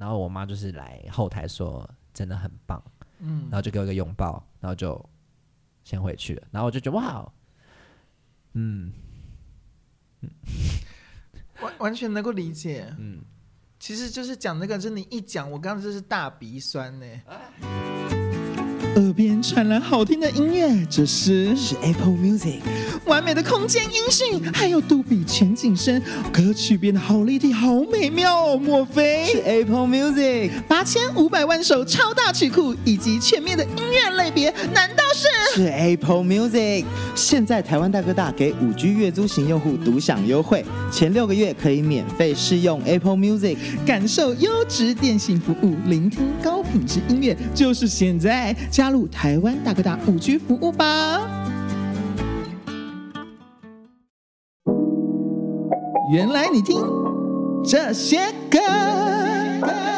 然後我媽就是來後台說真的很棒，嗯，然後就給我一個擁抱，然後就先回去了。然後我就覺得哇，嗯，完 完全能夠理解，嗯，其實就是講那個，就你一講，我剛剛就是大鼻酸呢，欸。啊耳邊傳來好聽的音樂，這是是 Apple Music，完美的空間音訊，還有杜比全景聲，歌曲變得好立體，好美妙喔，莫非是 Apple Music 八千五百萬首超大曲庫，以及全面的音樂類別，難道？是 Apple Music。現在台灣大哥大給 5G 月租型用戶獨享優惠，前六個月可以免費試用 Apple Music，感受優質電信服務，聆聽高品質音樂。就是現在，加入台灣大哥大 5G 服務吧！原來你聽這些歌。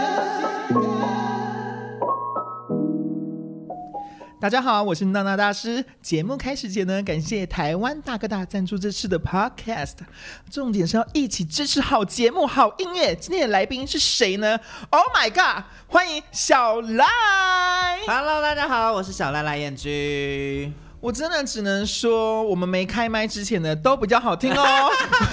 大家好，我是娜娜大師。節目開始前呢，感謝台灣大哥大贊助這次的 Podcast。重點是要一起支持好節目、好音樂。今天的來賓是誰呢？Oh my god！歡迎小賴。Hello，大家好，我是小賴賴晏駒。我真的只能說，我們沒開麥之前的都比較好聽哦。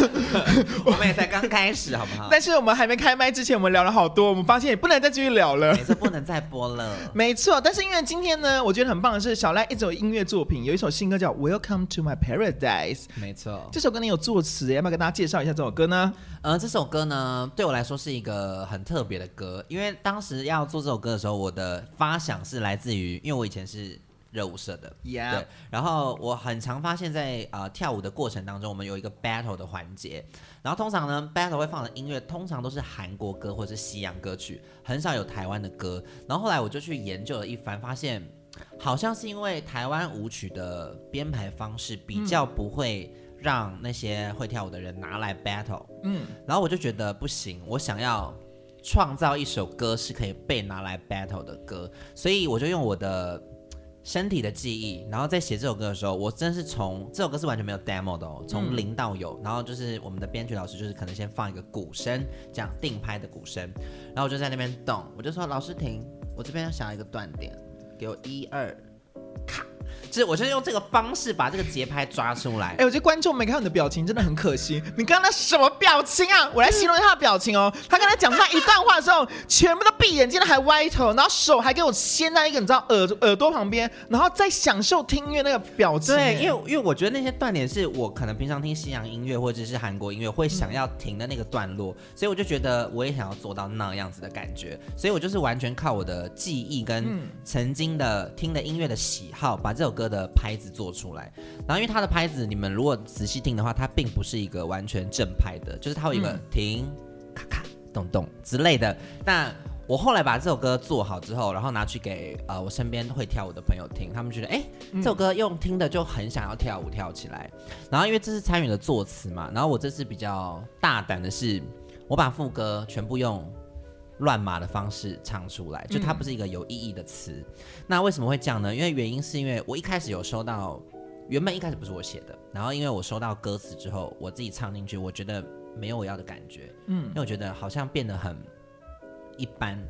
我們也才剛開始，好不好？ 但是我們還沒開麥之前，我們聊了好多，我們發現也不能再繼續聊了。沒錯，也是不能再播了。沒錯，但是因為今天呢，我覺得很棒的是，小賴一首音樂作品，有一首新歌叫《Welcome to My Paradise》。沒錯錯，這首歌你有作詞耶，要不要跟大家介紹一下這首歌呢？呃，這首歌呢，對我來說是一個很特別的歌，因為當時要做這首歌的時候，我的發想是來自於，因為我以前是。熱舞社的，Yeah. 對，然後我很常發現在呃跳舞的過程當中，我們有一個 battle 的環節，然後通常呢 battle 會放的音樂通常都是韓國歌或是西洋歌曲，很少有台灣的歌。然後後來我就去研究了一番，發現好像是因為台灣舞曲的編排方式比較不會讓那些會跳舞的人拿來 battle，嗯，然後我就覺得不行，我想要創造一首歌是可以被拿來 battle 的歌，所以我就用我的。身體的記憶，然後在寫這首歌的時候，我真是從這首歌是完全沒有 demo 的哦，從零到有。嗯。然後就是我們的編曲老師，就是可能先放一個鼓聲，這樣定拍的鼓聲，然後我就在那邊動，我就說老師停，我這邊要想要一個斷點，給我一二，咔。就是我就是用這個方式把這個節拍抓出來。哎、欸，我覺得觀眾沒看你的表情真的很可惜。你剛剛那什麼表情啊？我來形容一下他的表情哦。嗯、他剛才講那一段話的時候，全部都閉眼睛了，還歪頭，然後手還給我掀在一個你知道耳朵耳朵旁邊，然後再享受聽音樂那個表情。對因為因為我覺得那些斷點是我可能平常聽西洋音樂或者是韓國音樂會想要停的那個段落，嗯、所以我就覺得我也想要做到那樣子的感覺。所以我就是完全靠我的記憶跟曾經的、嗯、聽的音樂的喜好把。這首歌的拍子做出來，然後因為它的拍子，你們如果仔細聽的話，它並不是一個完全正拍的，就是它有一個停，咔咔、嗯，咖咖咚，咚咚之類的。那我後來把這首歌做好之後，然後拿去給呃我身邊會跳舞的朋友聽，他們覺得哎，欸嗯、這首歌用聽的就很想要跳舞跳起來。然後因為這是參與的作詞嘛，然後我這次比較大膽的是，我把副歌全部用。亂碼的方式唱出來，就它不是一個有意義的詞。嗯，那為什麼會這樣呢？因為原因是因為我一開始有收到，原本一開始不是我寫的。然後因為我收到歌詞之後，我自己唱進去，我覺得沒有我要的感覺。嗯，因為我覺得好像變得很一般，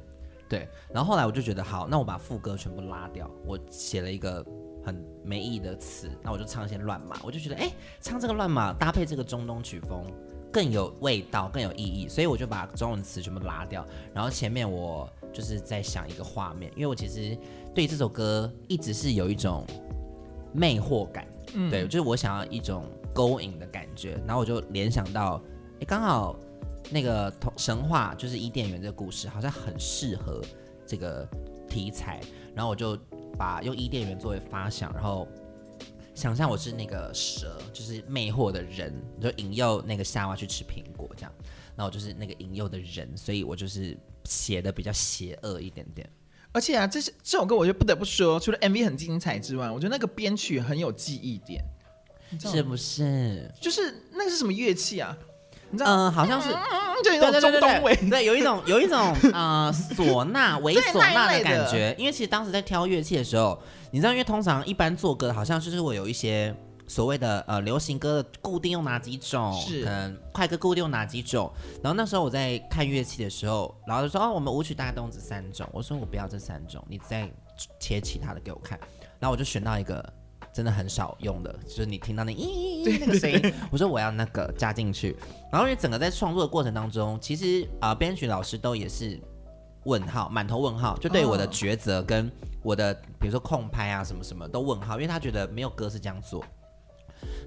對。然後後來我就覺得好，那我把副歌全部拉掉，我寫了一個很沒意義的詞，那我就唱一些亂碼。我就覺得，誒，唱這個亂碼搭配這個中東曲風。更有味道，更有意義，所以我就把中文詞全部拉掉。然後前面我就是在想一個畫面，因為我其實對這首歌一直是有一種魅惑感，嗯、對，就是我想要一種勾引的感覺。然後我就聯想到，誒、欸，剛好那個同神話就是伊甸園這個故事，好像很適合這個題材。然後我就把用伊甸園作為發想，然後。想象我是那個蛇，就是魅惑的人，就引誘那個夏娃去吃蘋果這樣。那我就是那個引誘的人，所以我就是寫的比較邪惡一點點。而且啊，這是這首歌，我覺得不得不說，除了 MV 很精彩之外，我覺得那個編曲很有記憶點，是不是？就是那是什麼樂器啊？你知道嗯，好像是，對對對對對，對有一種有一種 呃嗩吶、為嗩吶的感覺。因為其實當時在挑樂器的時候，你知道，因為通常一般做歌好像就是我有一些所謂的呃流行歌的固定用哪幾種，是可能快歌固定用哪幾種。然後那時候我在看樂器的時候，老師說哦，我們舞曲大概都用這三種，我說我不要這三種，你再切其他的給我看。然後我就選到一個。真的很少用的，就是你聽到那咦咦咦那個聲音，對對對對，我說我要那個加進去。然後因為整個在創作的過程當中，其實啊編曲老師都也是問號，滿頭問號，就對我的抉擇跟我的、哦、比如說控拍啊什麼什麼都問號，因為他覺得沒有歌是這樣做。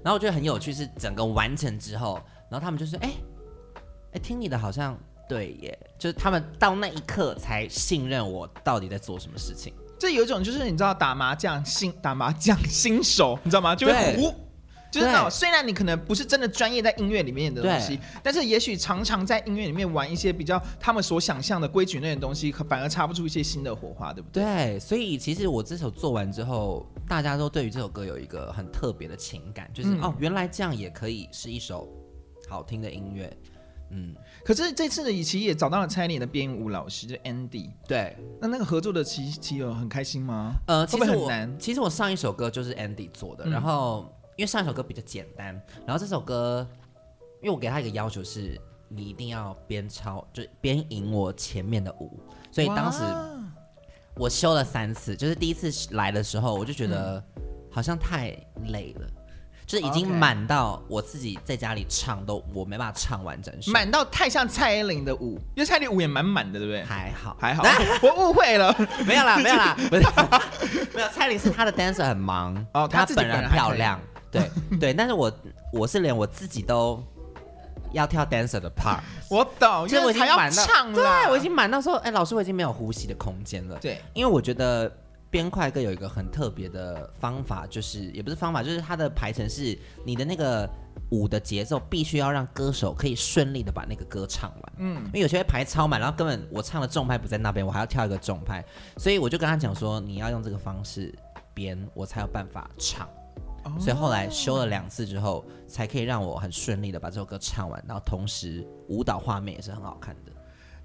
然後我覺得很有趣，是整個完成之後，然後他們就是哎哎、欸欸、聽你的好像對耶，就是他們到那一刻才信任我到底在做什麼事情。這有一種就是你知道打麻將新打麻將新手你知道嗎？就會胡，對就是那種。對雖然你可能不是真的專業在音樂裡面的東西，對但是也許常常在音樂裡面玩一些比較他們所想象的規矩那種東西，可反而插不出一些新的火花，對不對？對，所以其實我這首做完之後，大家都對於這首歌有一個很特別的情感，就是、嗯、哦，原來這樣也可以是一首好聽的音樂。嗯，可是這一次的以其也找到了蔡依林的編舞老師，就是、Andy。對，那那個合作的其其友很開心嗎？呃，其實我會不會很難？其實我上一首歌就是 Andy 做的，嗯、然後因為上一首歌比較簡單，然後這首歌，因為我給他一個要求是，你一定要邊抄，就邊贏我前面的舞，所以當時我修了三次，就是第一次來的時候，我就覺得好像太累了。嗯就是已經滿到我自己在家裡唱都我沒辦法唱完整首。滿到太像蔡依林的舞，因為蔡依林舞也蠻滿的，對不對？還好還好，我誤會了，沒有啦沒有啦，沒有，蔡依林是她的 dancer 很忙，哦，她本人很漂亮，對對，但是我我是連我自己都要跳 dancer 的 part，我懂，因為我已經滿到，對我已經滿到說，哎，老師我已經沒有呼吸的空間了，對，因為我覺得。編快歌有一個很特別的方法，就是也不是方法，就是它的排程，是你的那個舞的節奏必須要讓歌手可以順利的把那個歌唱完。嗯，因為有些會排超滿，然後根本我唱的重拍不在那邊，我還要跳一個重拍，所以我就跟他講說，你要用這個方式編，我才有辦法唱。所以後來修了兩次之後，才可以讓我很順利的把這首歌唱完，然後同時舞蹈畫面也是很好看的。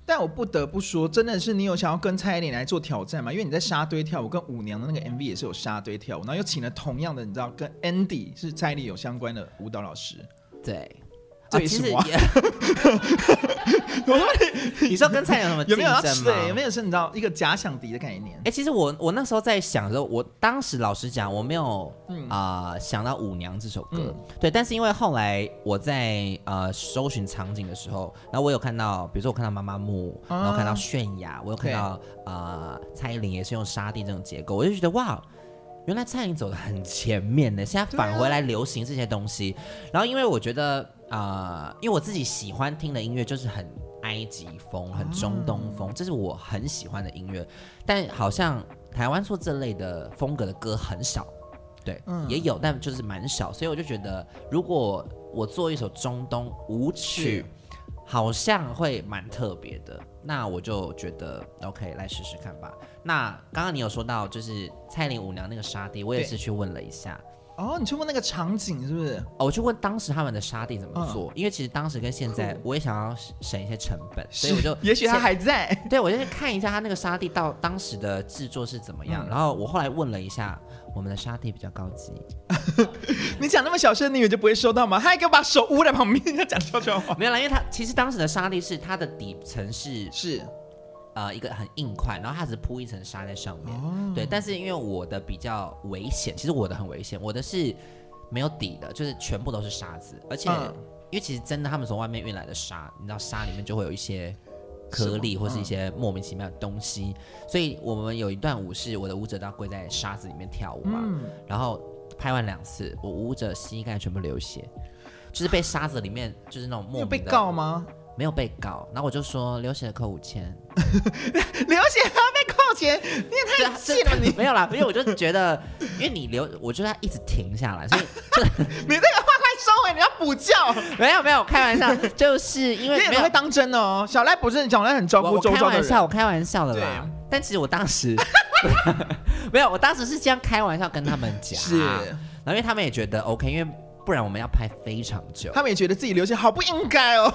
但我不得不說，真的是你有想要跟蔡依林來做挑戰嗎？因為你在沙堆跳舞，跟舞娘的那個 MV 也是有沙堆跳舞，然後又請了同樣的，你知道，跟 Andy 是蔡依林有相關的舞蹈老師，對。對、啊，其實也，是我， 我說你， 你說跟蔡穎有，有沒有什麼？對，有沒有是？你知道一個假想敵的概念。哎、欸，其實我我那時候在想的時候，我當時老實講，我沒有啊、嗯呃、想到舞娘這首歌。嗯、對，但是因為後來我在呃搜尋場景的時候，然後我有看到，比如說我看到媽媽木然後看到泫雅，啊、我有看到啊對、呃、蔡依林也是用沙地這種結構，我就覺得哇。原來蔡琴走得很前面呢，現在返回來流行這些東西。對然後因為我覺得啊、呃，因為我自己喜歡聽的音樂就是很埃及風、很中東風，嗯、這是我很喜歡的音樂。但好像台灣做這類的風格的歌很少，對，嗯、也有，但就是蠻少。所以我就覺得，如果我做一首中東舞曲，嗯、好像會蠻特別的。那我就覺得 OK，來試試看吧。那剛剛你有說到，就是蔡依林舞娘那個沙地，對我也是去問了一下。哦，oh，你去問那個場景是不是？哦，我去問當時他們的沙地怎麼做，嗯、因為其實當時跟現在，我也想要省一些成本，是所以我就……也許他還在，對，我就去看一下他那個沙地到當時的製作是怎麼樣。嗯、然後我後來問了一下。我們的沙地比較高級， 你講那麼小聲，你以為就不會收到嗎？他還給我把手捂在旁邊，要講悄悄話。沒有啦，因為他其實當時的沙地是它的底層是是呃一個很硬塊，然後它只鋪一層沙在上面。哦、對，但是因為我的比較危險，其實我的很危險，我的是沒有底的，就是全部都是沙子，而且、嗯、因為其實真的他們從外面運來的沙，你知道沙裡面就會有一些。顆粒或是一些莫名其妙的東西，嗎所以我們有一段舞是我的舞者都要跪在沙子裡面跳舞嘛，嗯、然後拍完兩次，我舞者膝蓋全部流血，就是被沙子裡面就是那種莫名有被告嗎？沒有被告，然後我就說流血扣五千，流血還要 被扣錢？你也太氣了你，啊！沒有啦，因為我就覺得，因為你流，我就在一直停下來，所以就沒 這個。稍微你要補覺， 沒有沒有，我開玩笑，就是因為沒有 會當真哦。 小賴不是小賴很照顧周遭的人。我，我開玩笑，我開玩笑的啦。對但其實我當時 沒有，我當時是這樣開玩笑跟他們講，是、啊。然後因為他們也覺得 OK，因為。不然我們要拍非常久，他們也覺得自己流血好不應該哦。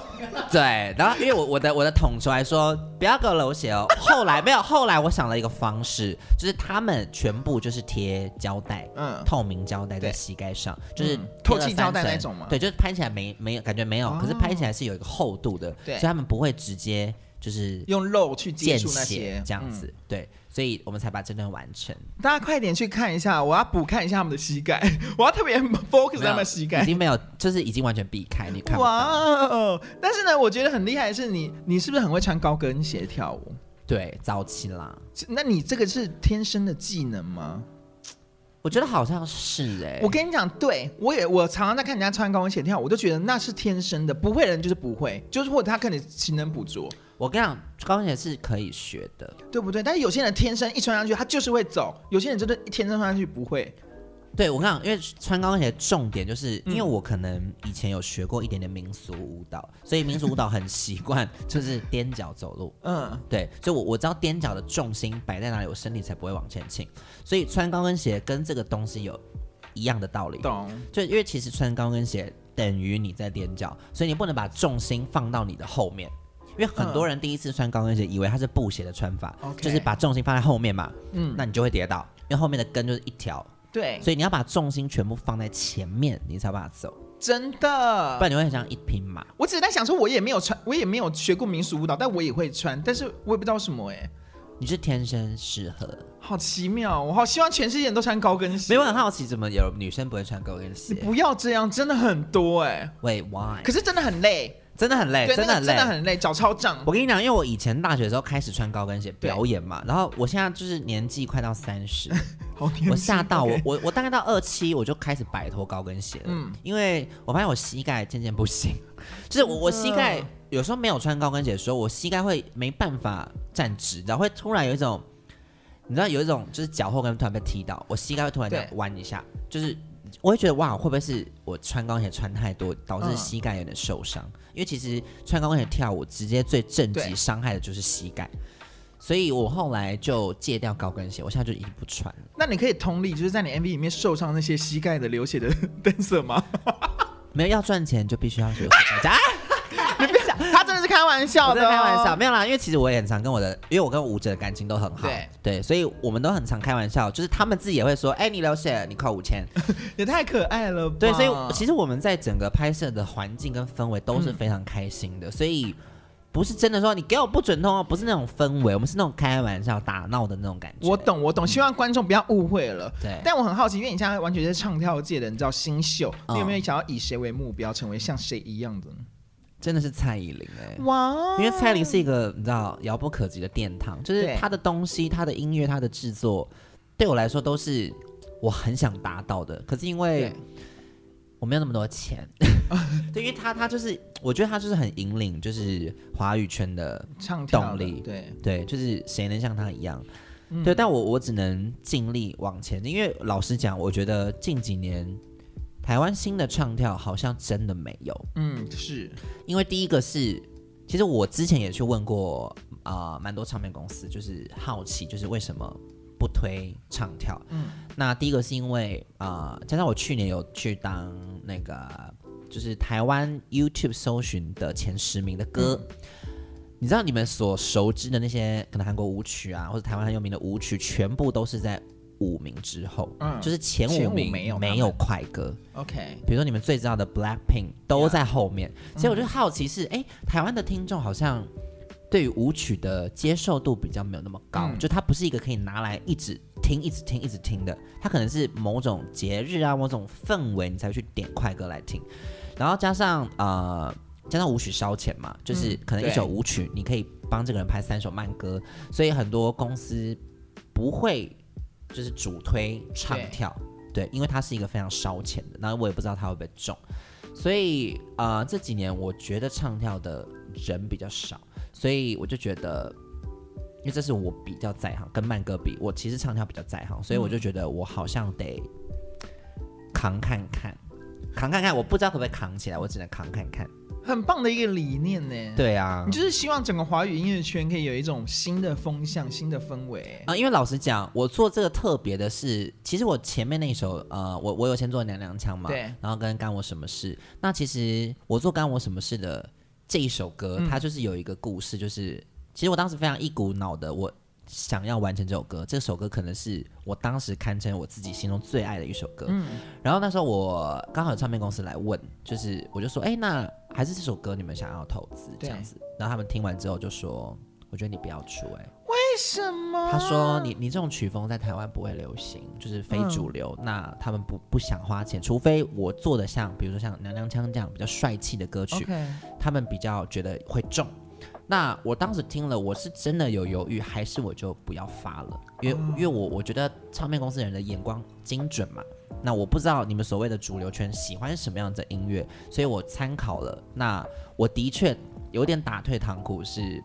對，然後因為我我的我的統籌還說不要給我流血哦。後來沒有，後來我想了一個方式，就是他們全部就是貼膠帶，嗯，透明膠帶在膝蓋上，就是透氣膠帶那種嘛。對，就是拍起來沒沒有感覺沒有，可是拍起來是有一個厚度的，所以他們不會直接就是用肉去見血，這樣子，對。所以我們才把這段完成。大家快點去看一下，我要補看一下他們的膝蓋，我要特別 focus 他們的膝蓋。已經沒有，就是已經完全避開。你看，哇、哦！但是呢，我覺得很厲害的是你，你是不是很會穿高跟鞋跳舞，嗯？對，早期啦。那你這個是天生的技能嗎？我覺得好像是哎、欸。我跟你講，對我也，我常常在看人家穿高跟鞋跳舞，我就覺得那是天生的，不會的人就是不會，就是或者他可能勤能補拙。我跟你講，高跟鞋是可以學的，對不對？但是有些人天生一穿上去，他就是會走；有些人真的一天生穿上去不會。對我跟你講，因為穿高跟鞋的重點就是，嗯、因為我可能以前有學過一點點民俗舞蹈，所以民俗舞蹈很習慣就是踮腳走路。嗯， 對，所以我我知道踮腳的重心擺在哪裡，我身體才不會往前傾。所以穿高跟鞋跟這個東西有一樣的道理，懂？就因為其實穿高跟鞋等於你在踮腳，所以你不能把重心放到你的後面。因為很多人第一次穿高跟鞋以為它是布鞋的穿法，okay, 就是把重心放在後面嘛。嗯，那你就會跌倒，因為後面的跟就是一條。對，所以你要把重心全部放在前面，你才有辦法走。真的，不然你會很像一匹馬。我只是在想說，我也沒有穿，我也沒有學過民俗舞蹈，但我也會穿，但是我也不知道什麼欸。你是天生適合。好奇妙，我好希望全世界人都穿高跟鞋。沒有，我很好奇，怎麼有女生不會穿高跟鞋？你不要這樣，真的很多欸。喂 Wait, why？可是真的很累。真的很累，真的對真的很累，腳超脹。我跟你講，因為我以前大學的時候開始穿高跟鞋對表演嘛，然後我現在就是年紀快到三十，我嚇到我我我大概到二七我就開始擺脫高跟鞋了，嗯、因為我發現我膝蓋漸漸不行，就是我我膝蓋有時候沒有穿高跟鞋的時候，我膝蓋會沒辦法站直，然後會突然有一種，你知道有一種就是腳後跟突然被踢到，我膝蓋會突然彎一下，對就是。我會覺得哇，會不會是我穿高跟鞋穿太多，導致膝蓋有點受傷？嗯啊嗯、因為其實穿高跟鞋跳舞，直接最正極傷害的就是膝蓋，啊、所以我後來就戒掉高跟鞋，我現在就已經不穿了。那你可以同理，就是在你 MV 裡面受傷那些膝蓋的流血的 Dancer 嗎？ 沒有，要賺錢就必須要流血。啊啊開玩笑的、哦，開玩笑沒有啦，因為其實我也很常跟我的，因為我跟舞者的感情都很好，對,對所以我們都很常開玩笑，就是他們自己也會說，哎、欸，你流血了，你扣五千， 也太可愛了吧？對，所以其實我們在整個拍攝的環境跟氛圍都是非常開心的，嗯、所以不是真的說你給我不准動哦，不是那種氛圍，我們是那種開玩笑打鬧的那種感覺。我懂，我懂，希望觀眾不要誤會了。嗯、對，但我很好奇，因為你現在完全是唱跳界的你知道新秀，你有沒有想要以誰為目標，成為像誰一樣的呢？真的是蔡依林哎、欸，哇！因為蔡依林是一個你知道遙不可及的殿堂，就是他的東西、他對的音樂、他的製作，對我來說都是我很想達到的。可是因為我沒有那麼多錢，對， 對，因為他他就是，我覺得他就是很引領，就是華語圈的動力。唱對對，就是誰能像他一樣？嗯、對，但我我只能盡力往前。因為老實講，我覺得近幾年。台灣新的唱跳好像真的沒有，嗯，是因為第一個是，其實我之前也去問過啊，呃、蠻多唱片公司，就是好奇，就是為什麼不推唱跳？嗯，那第一個是因為啊、呃，加上我去年有去當那個，就是台灣 YouTube 搜尋的前十名的歌，嗯、你知道你們所熟知的那些，可能韓國舞曲啊，或者台灣很有名的舞曲，全部都是在。五名之後，嗯，就是前五,五前名沒有沒有快歌，OK。比如說你們最知道的 Black Pink 都在後面，Yeah. 所以我就好奇是，誒、嗯，欸，台灣的聽眾好像對於舞曲的接受度比較沒有那麼高，嗯、就它不是一個可以拿來一直聽、一直聽、一直聽的，它可能是某種節日啊、某種氛圍你才會去點快歌來聽，然後加上呃加上舞曲燒錢嘛，就是可能一首舞曲你可以幫這個人拍三首慢歌，嗯、所以很多公司不會。就是主推唱跳，對，對，因為它是一個非常燒錢的，然後我也不知道它會不會中，所以呃這幾年我覺得唱跳的人比較少，所以我就覺得，因為這是我比較在行，跟慢歌比，我其實唱跳比較在行，所以我就覺得我好像得扛看看，嗯、扛看看，我不知道會不會扛起來，我只能扛看看。很棒的一個理念呢、欸。對啊，你就是希望整個華語音樂圈可以有一種新的風向、新的氛圍啊、呃。因為老實講，我做這個特別的是，其實我前面那一首呃，我我有先做娘娘腔嘛，對。然後跟干我什麼事？那其實我做干我什麼事的這一首歌，嗯、它就是有一個故事，就是其實我當時非常一股腦的，我想要完成這首歌。這首歌可能是我當時堪稱我自己心中最愛的一首歌。嗯。然後那時候我剛好有唱片公司來問，就是我就說，哎、欸，那。還是這首歌你們想要投資對這樣子，然後他們聽完之後就說：“我覺得你不要出，哎，為什麼？”他說你：“你你這種曲風在台灣不會流行，就是非主流，嗯、那他們不不想花錢，除非我做的像，比如說像《娘娘腔》這樣比較帥氣的歌曲，Okay 他們比較覺得會中。”那我當時聽了，我是真的有猶豫，還是我就不要發了？因為因為我我覺得唱片公司人的眼光精準嘛。那我不知道你們所謂的主流圈喜歡什麼樣的音樂，所以我參考了。那我的確有點打退堂鼓，是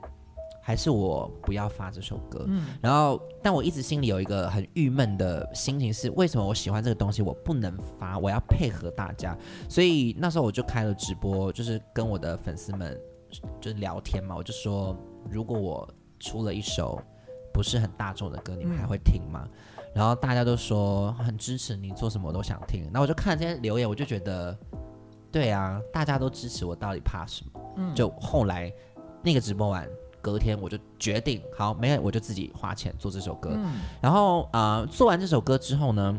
還是我不要發這首歌。然後，但我一直心裡有一個很鬱悶的心情是：為什麼我喜歡這個東西，我不能發？我要配合大家。所以那時候我就開了直播，就是跟我的粉絲們。就聊天嘛，我就說如果我出了一首不是很大眾的歌，你們還會聽嗎？嗯，然後大家都說很支持你，做什麼我都想聽。那我就看了這些留言，我就覺得對啊，大家都支持我，到底怕什麼？嗯，就後來那個直播完，隔天我就決定，好，沒有我就自己花錢做這首歌。嗯，然後啊，呃，做完這首歌之後呢，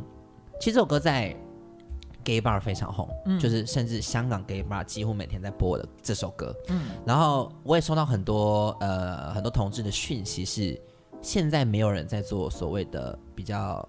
其實這首歌在。Gay bar 非常紅，嗯、就是甚至香港 Gay bar 幾乎每天在播的這首歌。嗯、然後我也收到很多呃很多同志的訊息是，是現在沒有人在做所謂的比較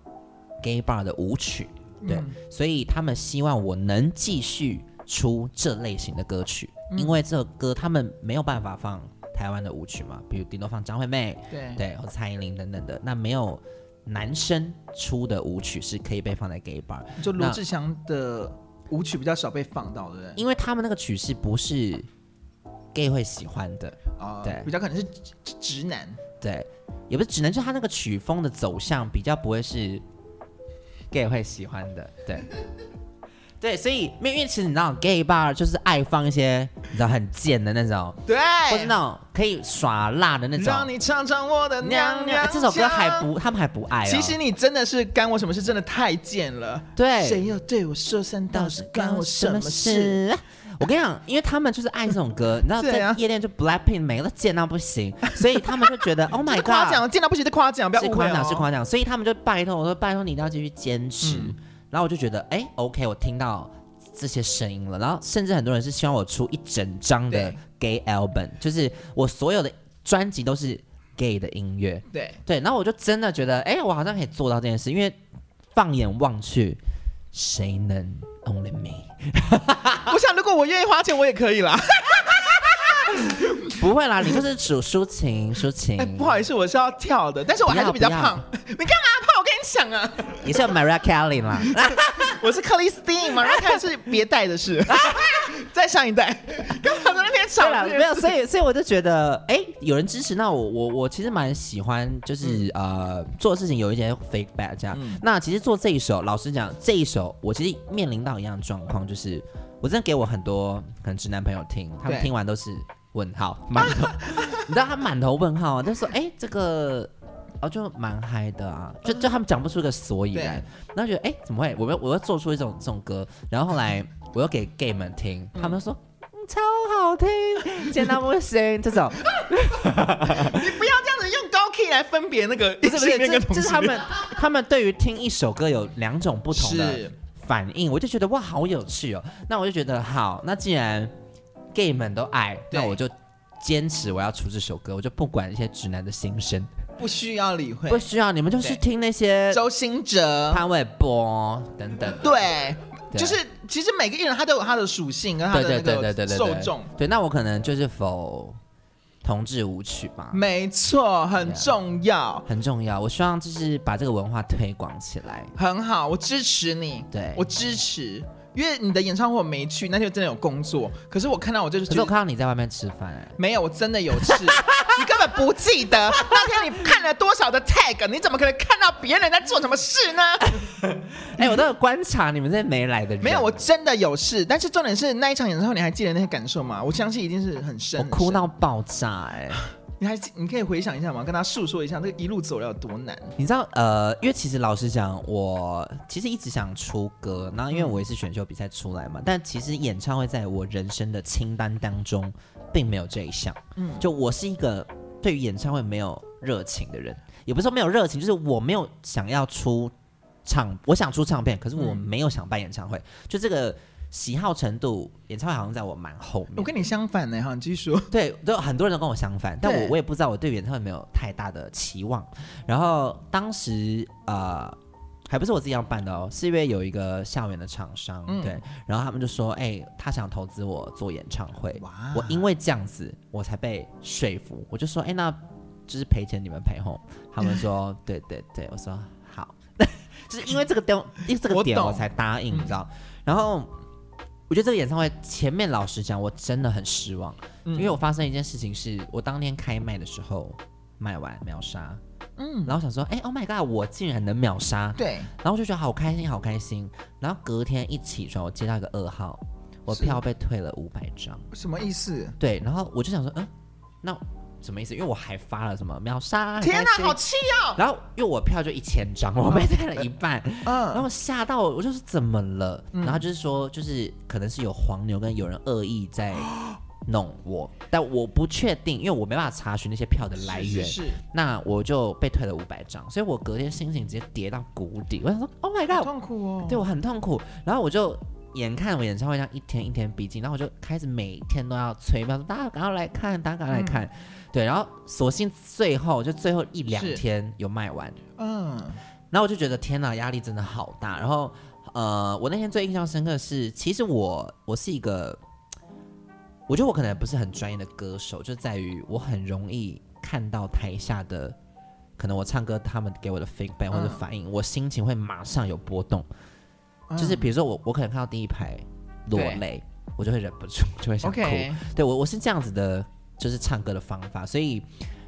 Gay bar 的舞曲，對，嗯、所以他們希望我能繼續出這類型的歌曲，嗯、因為這首歌他們沒有辦法放台灣的舞曲嘛，比如頂多放張惠妹，對，對或者蔡依林等等的，那沒有。男生出的舞曲是可以被放在 gay bar，就羅志祥的舞曲比較少被放到的人，那，因為他們那個曲式不是 gay 會喜歡的哦，呃、對，比較可能是直男，對，也不是直男，就他那個曲風的走向比較不會是 gay 會喜歡的，對。 對，所以因為其實你知道，gay bar 就是愛放一些你知道很賤的那種，對，或者那種可以耍辣的那種。讓你嘗嘗我的娘娘、呃。這首歌還不，他們還不愛。其實你真的是干我什麼事，真的太賤了。對。誰要對我說三道四干我什麼事？我，麼事我跟你講，因為他們就是愛這種歌， 你知道在夜店就 blackpink 每個都賤到不行， 所以他們就覺得 oh my god 誇。賤到不行就誇獎，不要誤、哦。是誇獎，是誇獎。所以他們就拜託我說拜託你一定要繼續堅持。嗯然後我就覺得，哎、欸、，OK，我聽到這些聲音了。然後甚至很多人是希望我出一整張的 gay album，對就是我所有的專輯都是 gay 的音樂。對對，然後我就真的覺得，哎、欸，我好像可以做到這件事，因為放眼望去，誰能 only me？ 我想，如果我願意花錢，我也可以啦。 不會啦，你就是主抒情，抒情 琴。不好意思，我是要跳的，但是我還是比較胖。你幹嘛胖？我跟你講啊，你是 Mariah Carey 啦。 我是克里斯汀，嘛？然後他是別代的事， 再上一代。幹嘛在那邊吵？沒有，所以所以我就覺得、欸，有人支持，那我我我其實蠻喜歡，就是、嗯、呃做事情有一點 feedback 這樣。嗯、那其實做這一首，老實講，這一首我其實面臨到一樣狀況，就是我真的給我很多很直男朋友聽，他們聽完都是。問號滿頭，你知道他滿頭問號啊？就說：“哎，這個，哦，就蠻嗨的啊，就就他們講不出個所以然。”然後覺得：‘哎，怎麼會？我又我又做出一種這種歌。”然後後來我又給 gay 們聽，他們說：“超好聽，簡直不行！”這種，你不要這樣子用高 key 來分別那個，是不是？就是他們，他們對於聽一首歌有兩種不同的反應，我就覺得哇，好有趣哦。那我就覺得好，那既然。gay 們都愛，對那我就堅持我要出這首歌，我就不管一些直男的心聲，不需要理會，不需要你們就是聽那些周興哲、潘瑋柏等等，對。對就是其實每個藝人他都有他的屬性跟他的那個受眾，對，那我可能就是 for 同志舞曲嘛。沒錯。很重要、啊，很重要，我希望就是把這個文化推廣起來。很好，我支持你，對，我支持。嗯因為你的演唱會我沒去，那就真的有工作。可是我看到我就是，我看到你在外面吃飯，欸，哎，沒有，我真的有事。 你根本不記得那天你看了多少的 tag，你怎麼可能看到別人在做什麼事呢？哎、 欸，我都有觀察你們這些沒來的人。沒有，我真的有事。但是重點是那一場演唱會，你還記得那些感受嗎？我相信一定是很深。我哭到爆炸、欸，哎。你還你可以回想一下嗎？跟他訴說一下，這個一路走了有多難？你知道，呃，因為其實老實講，我其實一直想出歌，然後因為我也是選秀比賽出來嘛，嗯、但其實演唱會在我人生的清單當中並沒有這一項。嗯，就我是一個對於演唱會沒有熱情的人，也不是說沒有熱情，就是我沒有想要出唱，我想出唱片，可是我沒有想辦演唱會。嗯、就這個。喜好程度，演唱會好像在我蠻後面的。我跟你相反的、欸，你繼續說，對，都有很多人都跟我相反，對但我我也不知道，我對演唱會沒有太大的期望。然後當時呃，還不是我自己要辦的哦，是因為有一個校園的廠商，嗯、對，然後他們就說，哎，他想投資我做演唱會，哇我因為這樣子，我才被說服。我就說，哎，那就是賠錢你們賠後 他們說，對對對，我說好， 就是因為這個點，因為、嗯、這個點我才答應，懂你知道？然後。我覺得這個演唱會前面，老實講，我真的很失望，嗯、因為我發生一件事情，是我當天開賣的時候賣完秒殺，嗯，然後想說，哎、欸，Oh my God，我竟然能秒殺，對，然後我就覺得好開心，好開心，然後隔天一起床，我接到一個噩耗，我票被退了五百張，什麼意思？對，然後我就想說，嗯，那。什麼意思？因為我還發了什麼秒殺？天吶，好氣哦！然後因為我票就一千張，我被退了一半，嗯，然後嚇到我就是怎麼了？然後就是說，就是可能是有黃牛跟有人惡意在弄我，但我不確定，因為我沒辦法查詢那些票的來源。那我就被退了五百張，所以我隔天心情直接跌到谷底。我想說，Oh my god，痛苦哦！對我很痛苦。然後我就眼看我演唱會這樣一天一天逼近，然後我就開始每天都要催，說大家趕快來看，大家趕快來看。對，然後索性最後就最後一兩天有賣完，嗯，然後我就覺得天吶，壓力真的好大。然後，呃，我那天最印象深刻的是，其實我我是一個，我覺得我可能不是很專業的歌手，就在於我很容易看到台下的可能我唱歌他們給我的 feedback、嗯、或者反應，我心情會馬上有波動。嗯、就是比如說我我可能看到第一排落淚，對我就會忍不住就會想哭。Okay. 對我我是這樣子的。就是唱歌的方法，所以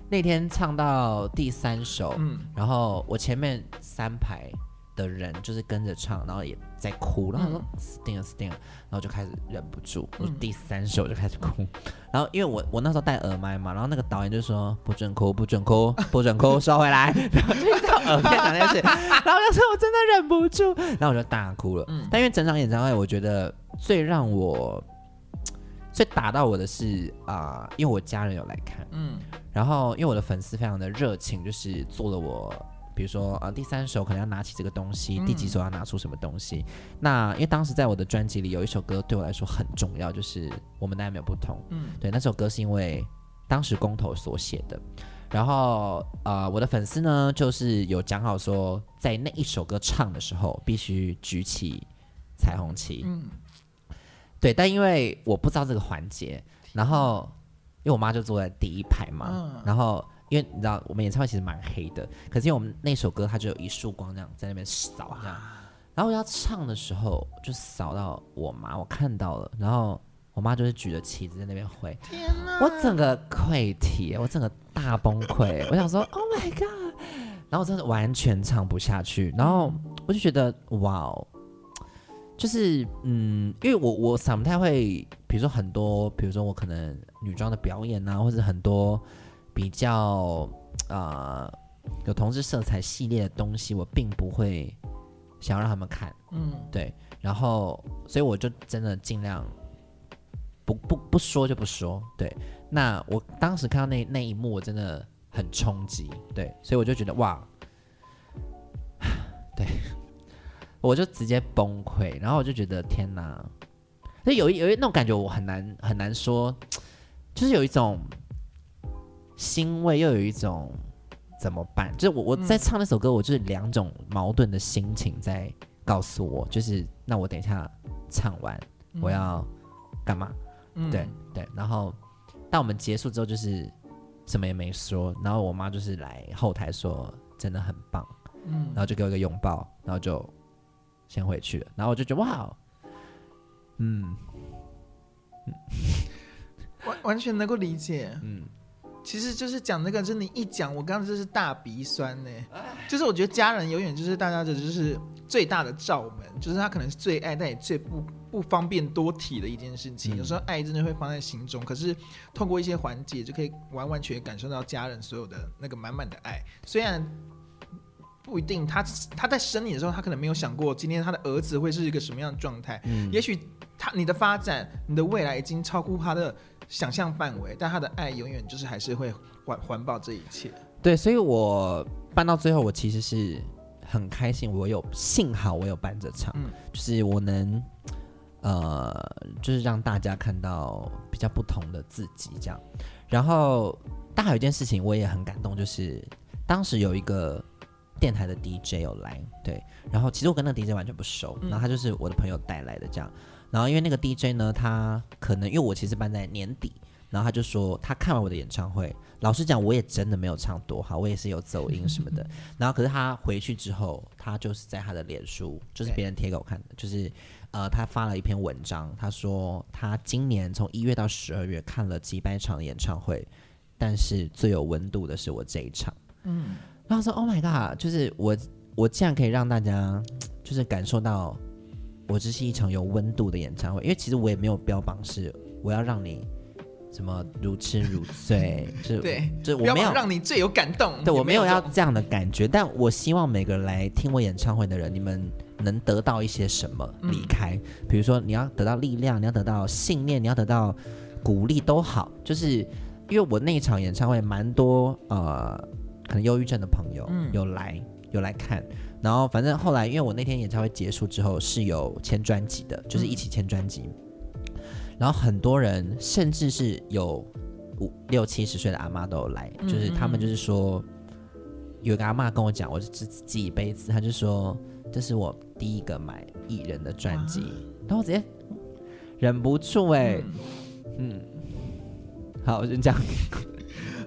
那天唱到第三首，嗯，然後我前面三排的人就是跟着唱，然後也在哭，然後說 sting sting，然後就開始忍不住，我第三首就開始哭，嗯，然後因為我我那時候戴耳麥嘛，然後那個導演就說不准哭，不准哭，不准哭，收回來， 然後就到耳麥那邊去， 然後我說我真的忍不住，然後我就大哭了，嗯，但因為整場演唱會，我覺得最讓我。所以打到我的是啊、呃，因為我家人有來看，嗯，然後因為我的粉絲非常的熱情，就是做了我，比如說啊、呃，第三首可能要拿起這個東西，嗯，第幾首要拿出什麼東西。那因為當時在我的專輯裡有一首歌對我來說很重要，就是我們的愛沒有不同，嗯，對，那首歌是因為當時公投所寫的，然後呃，我的粉絲呢就是有講好說，在那一首歌唱的時候必須舉起彩虹旗，嗯對，但因為我不知道這個環節，然後因為我媽就坐在第一排嘛，嗯、然後因為你知道我們演唱會其實蠻黑的，可是因為我們那首歌它就有一束光那樣在那邊掃啊，然後我要唱的時候就掃到我媽，我看到了，然後我媽就是舉着旗子在那邊揮，天啊、我整個潰堤，我整個大崩潰，我想說 Oh my God，然後我真的完全唱不下去，然後我就覺得哇哦。Wow, 就是嗯，因為我我想不太會，比如說很多，比如說我可能女裝的表演啊，或者很多比較呃有同志色彩系列的東西，我並不會想要讓他們看，嗯，對，然後所以我就真的盡量不不不說就不說，對。那我當時看到那那一幕，我真的很衝擊，對，所以我就覺得哇，對。我就直接崩潰，然後我就覺得天哪，就有一有一那種感覺，我很難很難說，就是有一種欣慰，又有一種怎麼辦？就是我我在唱那首歌，我就是兩種矛盾的心情在告訴我，就是那我等一下唱完、嗯、我要幹嘛？嗯、對對，然後到我們結束之後，就是什麼也沒說，然後我媽就是來後台說真的很棒，嗯、然後就給我一個擁抱，然後就。先回去，然後我就覺得哇、哦，嗯，嗯， 完完全能夠理解。嗯，其實就是講那個，真的，一講我剛剛就是大鼻酸呢、欸。唉就是我覺得家人永遠就是大家的就是最大的罩門，嗯、就是他可能是最愛，但也最不不方便多提的一件事情。嗯、有時候愛真的會放在心中，可是透過一些環節就可以完完全全感受到家人所有的那個滿滿的愛。雖然。嗯不一定，他他在生你的時候，他可能沒有想過今天他的兒子會是一個什麼樣的狀態。嗯，也許他，你的發展，你的未來已經超乎他的想象範圍，但他的愛永遠就是還是會環環抱這一切。對，所以我搬到最後，我其實是很開心，我有幸好我有搬這場，嗯，就是我能呃，就是讓大家看到比較不同的自己這樣。然後，但有一件事情我也很感動，就是當時有一個。電台的 DJ 有來，對，然後其實我跟那個 DJ 完全不熟，嗯、然後他就是我的朋友帶來的這樣，然後因為那個 DJ 呢，他可能因為我其實辦在年底，然後他就說他看完我的演唱會，老實講我也真的沒有唱多好，我也是有走音什麼的，嗯、然後可是他回去之後，他就是在他的臉書，就是別人貼給我看的，嗯、就是呃他發了一篇文章，他說他今年從一月到十二月看了幾百場演唱會，但是最有溫度的是我這一場，嗯。然後說：“Oh my god！就是我，我這樣可以讓大家，就是感受到，我這是一場有溫度的演唱會。因為其實我也沒有標榜是我要讓你怎麼如痴如醉， 對，就，對就我沒有要讓你最有感動，對我沒有要這樣的感覺。但我希望每個來聽我演唱會的人，你們能得到一些什麼離開。嗯、比如說，你要得到力量，你要得到信念，你要得到鼓勵都好。就是因為我那一場演唱會蠻多呃。”可能憂鬱症的朋友、嗯、有來，有來看，然後反正後來，因為我那天演唱會結束之後是有簽專輯的，就是一起簽專輯，嗯、然後很多人甚至是有五六七十歲的阿媽都有來，嗯嗯就是他們就是說，有個阿媽跟我講，我只記一輩子，他就說這是我第一個買藝人的專輯，啊、然後我直接忍不住哎、欸，嗯，嗯，好，我先講。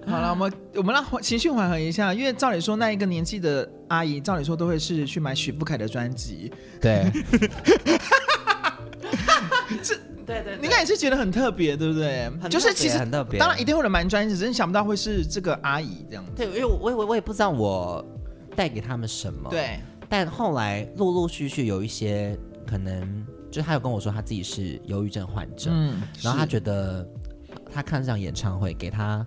嗯、好了，我們我們讓情緒緩和一下，因為照理說那一個年紀的阿姨，照理說都會是去買許富凱的專輯，對。哈哈哈哈哈！對，對對，應該也是覺得很特別，對不對？就是其實很特別。當然一定會買專輯，真想不到會是這個阿姨這樣子。對，因為我我我也不知道我帶給他們什麼。對。但後來陸陸續續有一些可能，就是他有跟我說，他自己是憂鬱症患者，嗯，然後他覺得他看這場演唱會給他。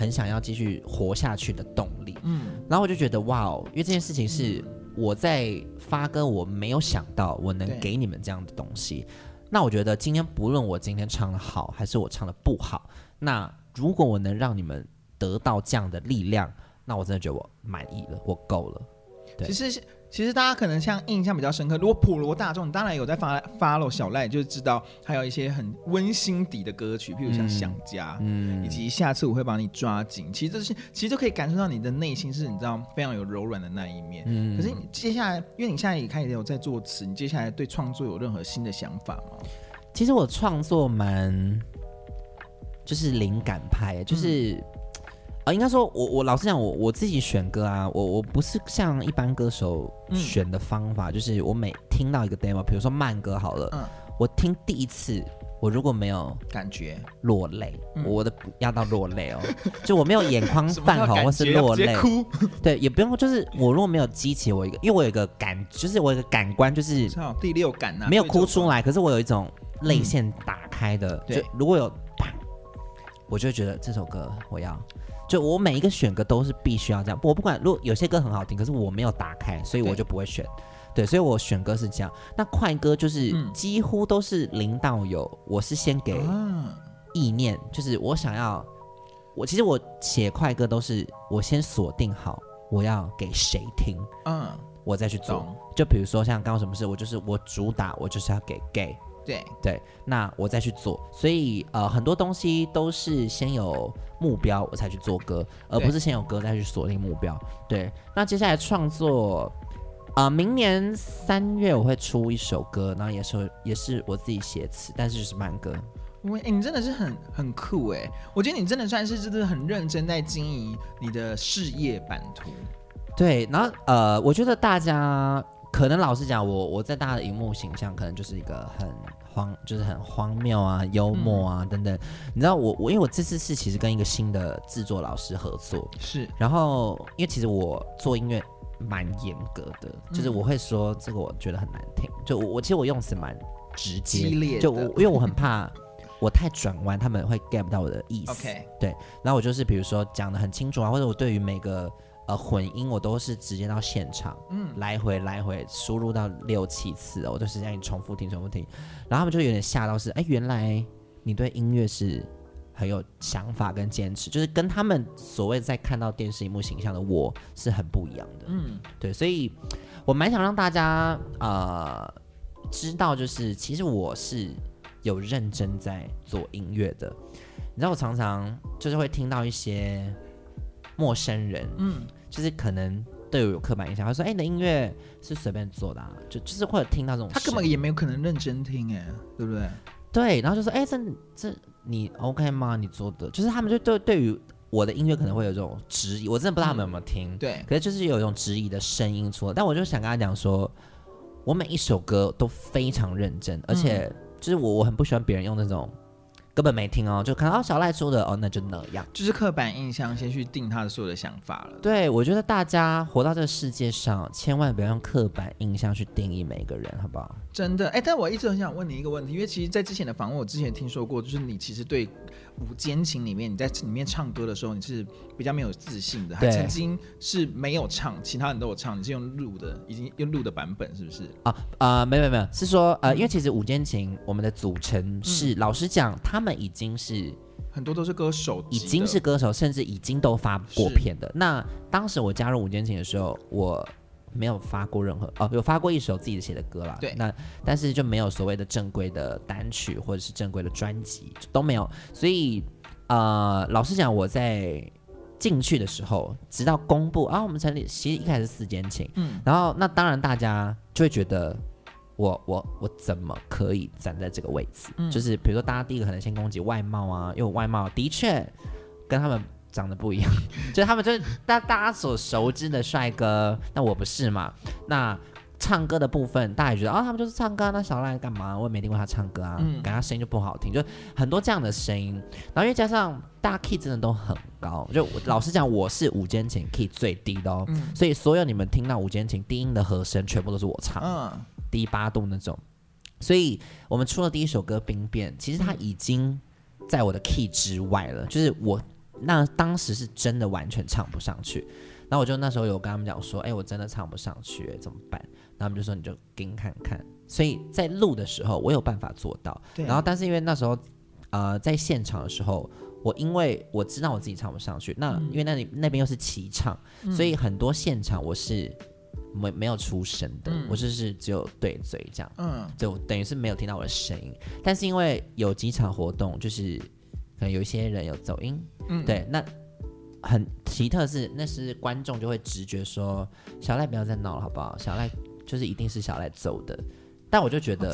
很想要繼續活下去的動力，嗯，然後我就覺得哇哦，因為這件事情是我在發歌，我沒有想到我能給你們這樣的東西。對那我覺得今天不論我今天唱得好還是我唱得不好，那如果我能讓你們得到這樣的力量，那我真的覺得我滿意了，我夠了。對，其實。其實大家可能像印象比較深刻，如果普羅大眾當然有在發 follow 小賴，就知道還有一些很溫馨底的歌曲，譬如像《想家》，嗯，嗯以及《下次我會把你抓緊》。其實這、就、些、是、其實就可以感受到你的內心是你知道非常有柔軟的那一面。嗯、可是接下來，因為你現在也開始有在作詞，你接下來對創作有任何新的想法嗎？其實我創作蠻就是靈感派，就是、嗯。應該說我，我我老實講，我我自己選歌啊，我我不是像一般歌手選的方法，嗯、就是我每聽到一個 demo，比如說慢歌好了，嗯、我聽第一次，我如果沒有感覺落淚淚，嗯、我的壓到落淚哦、喔， 就我沒有眼眶泛紅或是落淚，哭。對，也不用就是我如果沒有激起我一個，因為我有一個感，就是我有一個感官就是第六感吶、啊，沒有哭出來，可是我有一種淚腺打開的，嗯、就如果有啪，我就覺得這首歌我要。就我每一個選歌都是必須要這樣，我不，不管，如果有些歌很好聽，可是我沒有打開，所以我就不會選。對，對，所以我選歌是這樣。那快歌就是、嗯、幾乎都是零到有，我是先給意念，啊、就是我想要，我其實我寫快歌都是我先鎖定好我要給誰聽，嗯、啊，我再去做。懂就比如說像剛剛什麼事，我就是我主打，我就是要給 gay。對對，那我再去做，所以呃，很多東西都是先有目標，我才去做歌，而不是先有歌再去鎖定目標。對，對，那接下來創作，呃，明年三月我會出一首歌，然後也是也是我自己寫詞，但是就是慢歌。我哎、欸，你真的是很很酷哎、欸，我覺得你真的算是就是很認真在經營你的事業版圖。對，然後呃，我覺得大家可能老實講，我我在大家的熒幕形象可能就是一個很。荒，就是很荒謬啊，幽默啊、嗯、等等，你知道我我因為我這次是其實跟一個新的制作老師合作，是，然後因為其實我做音樂蠻嚴格的，嗯、就是我會說這個我覺得很難聽，就我，我其實我用詞蠻直接，就我因為我很怕我太轉彎他們會 get 不到我的意思，Okay，對，然後我就是比如說講得很清楚啊，或者我對於每個。呃，混音我都是直接到現場，嗯，來回來回輸入到六七次，我都是這樣重複聽，重複聽，然後他們就有點嚇到是，是、欸、哎，原來你對音樂是很有想法跟堅持，就是跟他們所謂在看到電視熒幕形象的我是很不一樣的，嗯，對，所以我蠻想讓大家呃知道，就是其實我是有認真在做音樂的，你知道我常常就是會聽到一些陌生人，嗯。就是可能對我有刻板印象，他說：“哎、欸，你的音樂是隨便做的、啊，就就是或者聽到這種，他根本也沒有可能認真聽、欸，哎，對不對？對，然後就說：哎、欸，這這你 OK 嗎？你做的就是他們就對對於我的音樂可能會有這種質疑，我真的不知道他們有沒有聽、嗯，對，可是就是有一種質疑的聲音出來。但我就想跟他講說，我每一首歌都非常認真，而且就是我我很不喜歡別人用那種。”根本沒聽哦，就看到小賴說的哦，那就那樣，就是刻板印象先去定他的所有的想法了。對，我覺得大家活到這個世界上，千萬不要用刻板印象去定義每一個人，好不好？真的，哎、欸，但我一直很想問你一個問題，因為其實，在之前的訪問，我之前聽說過，就是你其實對。五間琴裡面，你在裡面唱歌的時候，你是比較沒有自信的。對還曾經是沒有唱，其他人都有唱，你是用錄的，已經用錄的版本，是不是？啊啊，呃、沒有沒有沒有，是說呃，因為其實五堅情我們的組成是，嗯、老實講，他們已經是很多都是歌手，已經是歌手，甚至已經都發過片的。是那當時我加入五堅情的時候，我。沒有發過任何哦、呃，有發過一首自己寫的歌啦。對，那但是就沒有所謂的正規的單曲或者是正規的專輯都沒有，所以呃，老實講，我在進去的時候，直到公布啊，我們成立其實一開始四間寢，嗯，然後那當然大家就會覺得我我我怎麼可以站在這個位置？嗯、就是比如說大家第一個可能先攻擊外貌啊，因為我外貌的確跟他們。長得不一樣， 就是他們就是大大家所熟知的帥哥，但我不是嘛。那唱歌的部分，大家覺得啊、哦，他們就是唱歌，那小賴幹嘛？我也沒聽過他唱歌啊，感覺他聲音就不好聽，就很多這樣的聲音。然後因為加上大家 key 真的都很高，就老實講，我是五堅情 key 最低的哦，嗯、所以所有你們聽到五堅情低音的和聲，全部都是我唱，嗯、低八度那種。所以我們出了第一首歌《兵變》，其實他已經在我的 key 之外了，就是我。那當時是真的完全唱不上去，然後我就那時候有跟他們講說，哎、欸，我真的唱不上去，欸，怎麼辦？然後他們就說你就給你看看。所以在錄的時候，我有辦法做到。對然後，但是因為那時候，呃，在現場的時候，我因為我知道我自己唱不上去，嗯、那因為那裡那邊又是齊唱，嗯、所以很多現場我是沒沒有出聲的，嗯、我就是只有對嘴這樣，嗯，就等於是沒有聽到我的聲音。但是因為有幾場活動，就是。可能有一些人有走音，嗯，對，那很奇特的是，那是觀眾就會直覺說小賴不要再鬧了，好不好？小賴就是一定是小賴走的，但我就覺得，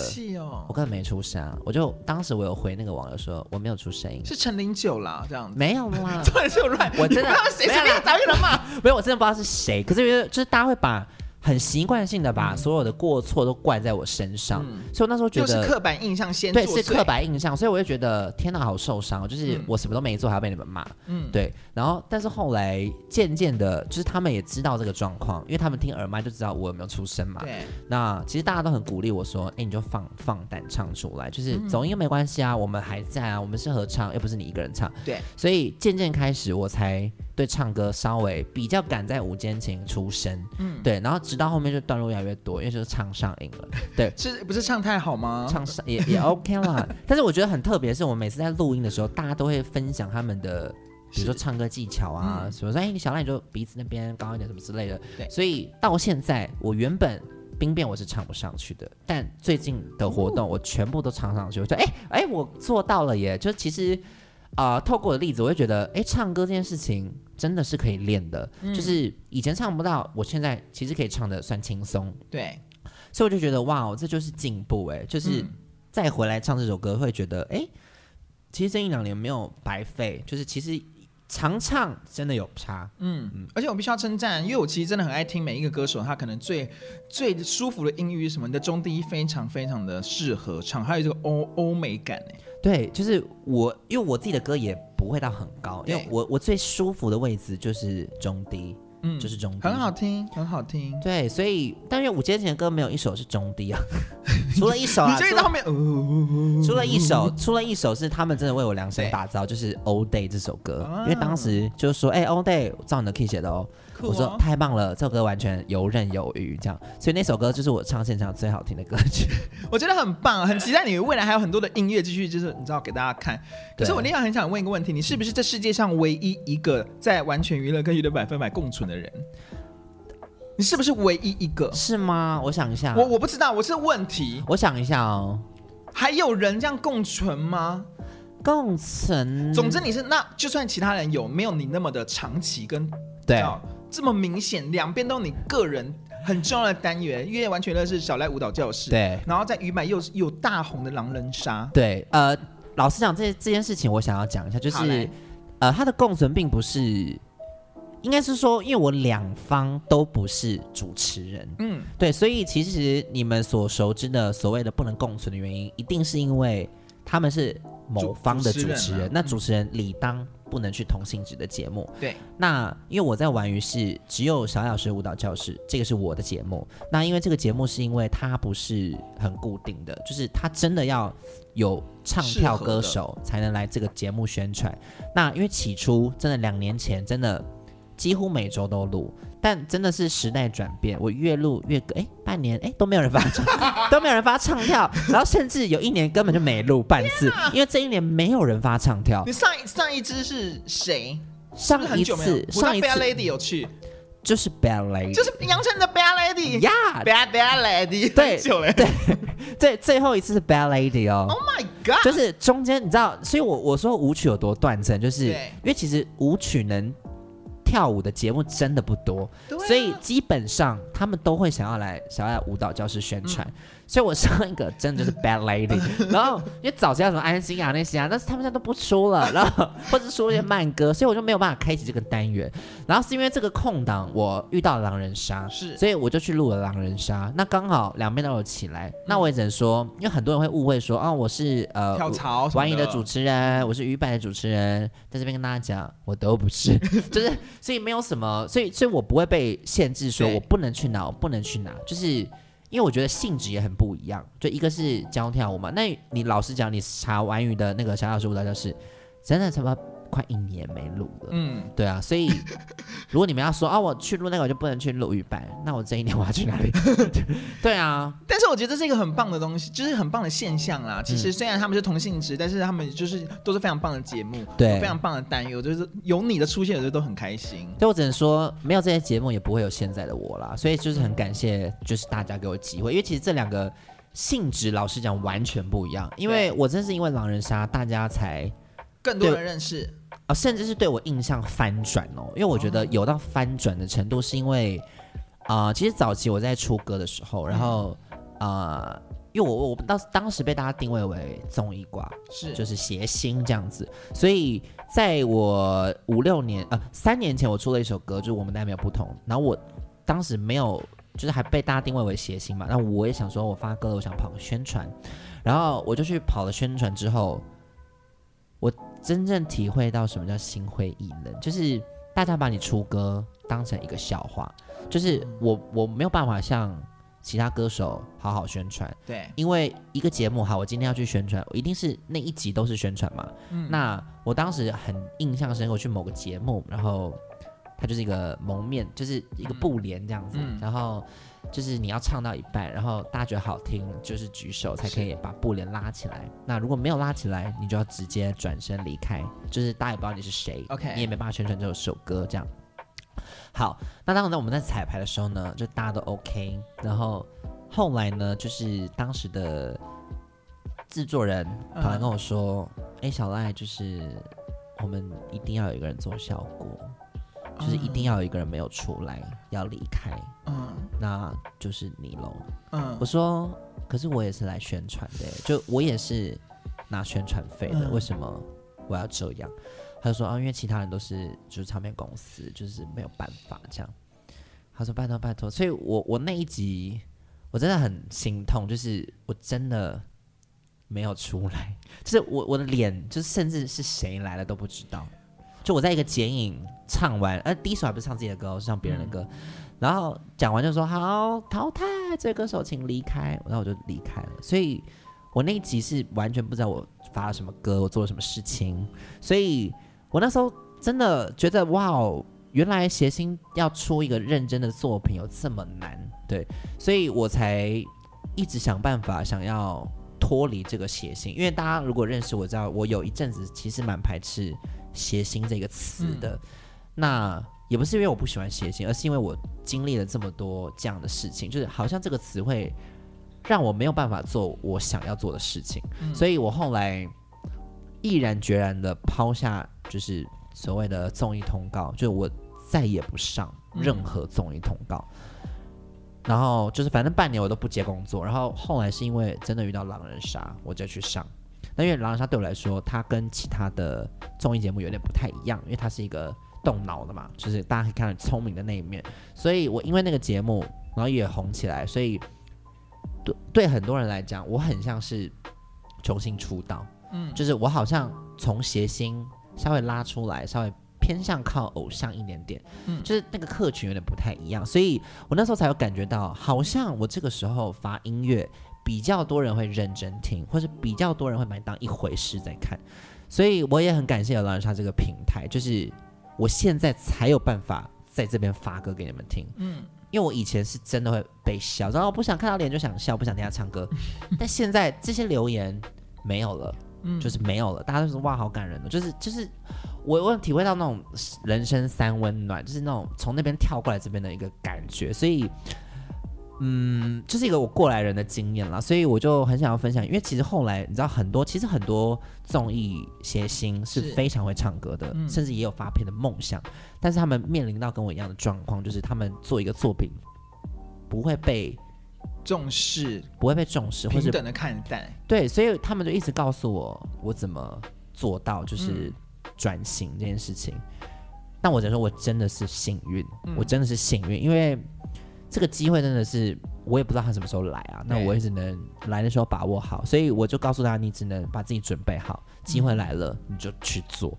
我根本沒出聲，我就當時我有回那個網友說我沒有出聲音，是陳零九啦，這樣，沒有嗎？對，就亂。我真的，沒有找人罵，沒有，我真的不知道是誰，可是就是大家會把。很習慣性的把所有的過錯都怪在我身上，嗯、所以我那時候覺得就是刻板印象，先對是刻板印象，所以我就覺得天吶，好受傷，就是我什麼都沒做，還要被你們罵，嗯，對。然後，但是後來漸漸的，就是他們也知道這個狀況，因為他們聽耳麥就知道我有沒有出聲嘛。對。那其實大家都很鼓勵我說，哎、欸，你就放放膽唱出來，就是走音、嗯、沒關係啊，我們還在啊，我們是合唱，又不是你一個人唱。對。所以漸漸開始，我才對唱歌稍微比較敢在舞間前出聲。嗯，對。然後直到後面就段落越來越多，因為就是唱上癮了。對，是不是唱太好嗎？唱上也也 OK 啦。 但是我覺得很特別，是我們每次在錄音的時候，大家都會分享他們的，比如說唱歌技巧啊什麼。哎，你、嗯欸、小賴你就鼻子那邊高一點，什麼之類的。對。所以到現在，我原本兵變我是唱不上去的，但最近的活動我全部都唱上去。哦、我說，哎、欸、哎、欸，我做到了耶！就其實。啊、呃，透過我的例子，我會覺得，哎、欸，唱歌這件事情真的是可以練的，嗯、就是以前唱不到，我現在其實可以唱得算輕鬆，對，所以我就覺得，哇哦，這就是進步、欸，哎，就是再回來唱這首歌，會覺得，哎、欸，其實這一兩年沒有白費，就是其實。常唱真的有差，嗯，嗯，而且我必須要稱讚，因為我其實真的很愛聽每一個歌手，他可能最最舒服的音域什麼的，中低非常非常的適合唱，還有這個歐歐美感呢。對，就是我，因為我自己的歌也不會到很高，對因為我我最舒服的位置就是中低。就是中低，是是，很好聽，很好聽。對，所以但是五年前的歌沒有一首是中低啊，除了一首啊， 除了一首，除了一首是他們真的為我量身打造，對就是《All Day》這首歌，哦哦因為當時就是說，哎、欸，《All Day》照你的 key 寫的哦。我說太棒了，這首歌完全游刃有餘，這樣，所以那首歌就是我唱現場最好聽的歌曲， 我覺得很棒，很期待你未來還有很多的音樂繼續，就是你知道給大家看。可是我另外很想問一個問題，你是不是這世界上唯一一個在完全娛樂跟娛樂百分百共存的人？你是不是唯一一個？是嗎？我想一下，我我不知道，我是問題，我想一下哦，還有人這樣共存嗎？共存？總之你是那就算其他人有沒有你那麼的長期跟對。這麼明顯，兩邊都是你個人很重要的單元，因為完全都是小賴舞蹈教室，對，然後在魚買又,又有大紅的狼人殺，對，呃，老實講，這這件事情我想要講一下，就是，嘞呃，他的共存並不是，應該是說，因為我兩方都不是主持人，嗯，對，所以其實你們所熟知的所謂的不能共存的原因，一定是因為他們是某方的主持人，主主持人啊、那主持人理當。嗯不能去同性質的節目。對，那因為我在玩，於是只有小小學舞蹈教室這個是我的節目。那因為這個節目是因為它不是很固定的，就是它真的要有唱跳歌手才能來這個節目宣傳。那因為起初真的兩年前真的。幾乎每周都錄，但真的是時代轉變，我越錄越哎，半年哎都沒有人發唱，都沒有人發唱跳，然後甚至有一年根本就沒錄半次，因為這一年沒有人發唱跳。你上上一支是誰？上一次上一次，Bad Lady 有趣，就是 Bad Lady，就是楊丞琳的 Bad Lady，Yeah，Bad Bad Lady，對對，最最後一次是 Bad Lady 哦，Oh my God，就是中間你知道，所以我我說舞曲有多斷層，就是因為其實舞曲能。跳舞的節目真的不多，啊、所以基本上他們都會想要來想要來舞蹈教室宣傳。嗯所以，我上一個真的就是 Bad Lady， 然後因為早知道什麼安心啊那些啊，但是他們現在都不出了，然後或者是說一些慢歌，所以我就沒有辦法開啟這個單元。然後是因為這個空檔，我遇到了狼人殺，是，所以我就去錄了狼人殺。那剛好兩邊都有起來，嗯、那我也只能說，因為很多人會誤會說，哦、啊，我是呃跳槽、完娛的，的主持人，我是娛百的主持人，在這邊跟大家講，我都不是， 就是所以沒有什麼，所以所以我不會被限制說，說對我不能去哪，我不能去哪，就是。因為我覺得性質也很不一樣，就一個是教跳舞嘛，那你老實講，你查完語的那個小小說的，就是真的什麼。 快一年沒錄了，嗯，對啊，所以如果你們要說 啊，我去錄那個我就不能去錄一版，那我這一年我要去哪裡？ 對啊，但是我覺得這是一個很棒的東西，就是很棒的現象啦。其實雖然他們是同性質，但是他們就是都是非常棒的節目，對，非常棒的擔憂。就是有你的出現，就都很開心。所以我只能說，沒有這些節目也不會有現在的我啦。所以就是很感謝，就是大家給我機會，因為其實這兩個性質老實講完全不一樣。因為我真是因為狼人殺，大家才。更多人認識啊、呃，甚至是對我印象翻轉哦，因為我覺得有到翻轉的程度，是因為啊、哦呃，其實早期我在出歌的時候，然後啊、嗯呃，因為我我當當時被大家定位為綜藝掛，是就是諧星這樣子，所以在我五六年呃三年前我出了一首歌，就是我們沒有不同，然後我當時沒有就是還被大家定位為諧星嘛，那我也想說我發歌了，我想跑個宣傳，然後我就去跑了宣傳之後，我真正體會到什麼叫心灰意冷，就是大家把你出歌當成一個笑話，就是我我沒有辦法向其他歌手好好宣傳，對，因為一個節目好，我今天要去宣傳，我一定是那一集都是宣傳嘛。嗯、那我當時很印象深刻，我去某個節目，然後他就是一個矇面，就是一個布簾這樣子，嗯嗯、然後。就是你要唱到一半，然後大家覺得好聽，就是舉手才可以把布簾拉起來。是那如果沒有拉起來，你就要直接轉身離開，就是大家也不知道你是誰。OK，你也沒辦法宣傳這首歌。這樣，好。那當時我們在彩排的時候呢，就大家都 OK。然後後來呢，就是當時的製作人好像跟我說：“哎、uh huh.，小賴，就是我們一定要有一個人做效果，就是一定要有一個人沒有出來，要離開。Uh ” huh. 嗯那就是你嘍。嗯，我說，可是我也是來宣傳的，就我也是拿宣傳費的。嗯。為什麼我要這樣？他就說啊，因為其他人都是就是唱片公司，就是沒有辦法這樣。他說拜托拜托，所以我我那一集我真的很心痛，就是我真的沒有出來，就是我我的臉，就是甚至是誰來了都不知道。就我在一個剪影唱完，呃，第一首還不是唱自己的歌，哦，是唱別人的歌。嗯然後講完就說好淘汰，這位歌手請離開。然後我就離開了，所以，我那一集是完全不知道我發了什麼歌，我做了什麼事情。所以我那時候真的覺得，哇，原來諧星要出一個認真的作品有這麼難，對，所以我才一直想辦法想要脫離這個諧星。因為大家如果認識我，知道我有一陣子其實蠻排斥諧星這個詞的。嗯、那。也不是因為我不喜歡寫信，而是因為我經歷了這麼多這樣的事情，就是好像這個詞會讓我沒有辦法做我想要做的事情，嗯、所以我後來毅然決然的拋下，就是所謂的綜藝通告，就是我再也不上任何綜藝通告。嗯、然後就是反正半年我都不接工作，然後後來是因為真的遇到狼人殺，我就去上。那因為狼人殺對我來說，它跟其他的綜藝節目有點不太一樣，因為它是一個。動腦的嘛，就是大家可以看到聰明的那一面，所以我因為那個節目，然後也紅起來，所以對對很多人來講，我很像是重新出道，嗯，就是我好像從諧星稍微拉出來，稍微偏向靠偶像一點點，嗯，就是那個客群有點不太一樣，所以我那時候才有感覺到，好像我這個時候發音樂，比較多人會認真聽，或者比較多人會把你當一回事在看，所以我也很感謝有狼人殺這個平台，就是。我現在才有辦法在這邊發歌給你們聽，嗯，因為我以前是真的會被笑，然後我不想看到臉就想笑，不想聽他唱歌，嗯，但現在這些留言沒有了，嗯，就是沒有了，大家都是哇好感人的，就是就是我我體會到那種人生三溫暖，就是那種從那邊跳過來這邊的一個感覺，所以。嗯，這、就是一個我過來人的經驗啦，所以我就很想要分享。因為其實後來你知道，很多其實很多綜藝諧星是非常會唱歌的，嗯、甚至也有發片的夢想。但是他們面臨到跟我一樣的狀況，就是他們做一個作品不會被重視，不會被重視，或者平等的看待。對，所以他們就一直告訴我，我怎麼做到就是轉型這件事情。嗯、但我只能說我真的是幸運，嗯、我真的是幸運，因為。這個機會真的是我也不知道他什麼時候來啊，對那我也只能來的時候把握好。所以我就告訴他：‘你只能把自己準備好，嗯、機會來了你就去做，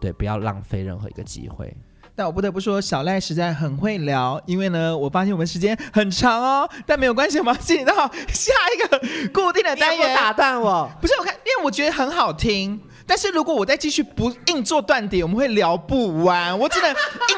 對，不要浪費任何一個機會。但我不得不說，小賴實在很會聊，因為呢，我發現我們時間很長哦，但沒有關係，我們繼續。到下一個固定的單元不打斷我， 不是我看，因為我覺得很好聽。但是如果我再繼續不硬做斷點，我們會聊不完，我只能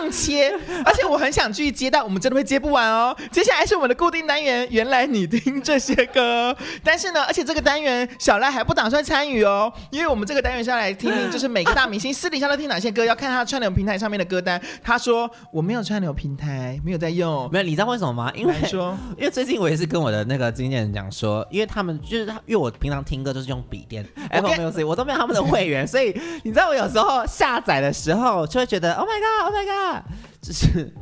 硬切， 而且我很想繼續接，但我們真的會接不完哦。接下來是我們的固定單元，原來你聽這些歌，但是呢，而且這個單元小賴還不打算參與哦，因為我們這個單元是要來聽聽，就是每個大明星私底下都聽哪些歌， 要看他串流平台上面的歌單。他說我沒有串流平台，沒有在用，沒有，你知道為什麼嗎？因為說，因為最近我也是跟我的那個經紀人講說，因為他們就是他，因為我平常聽歌都是用筆電哎跟，p 沒有，Apple Music 我都沒有他們的會。所以你知道我有時候下載的時候就會覺得，Oh my god，Oh my god，就是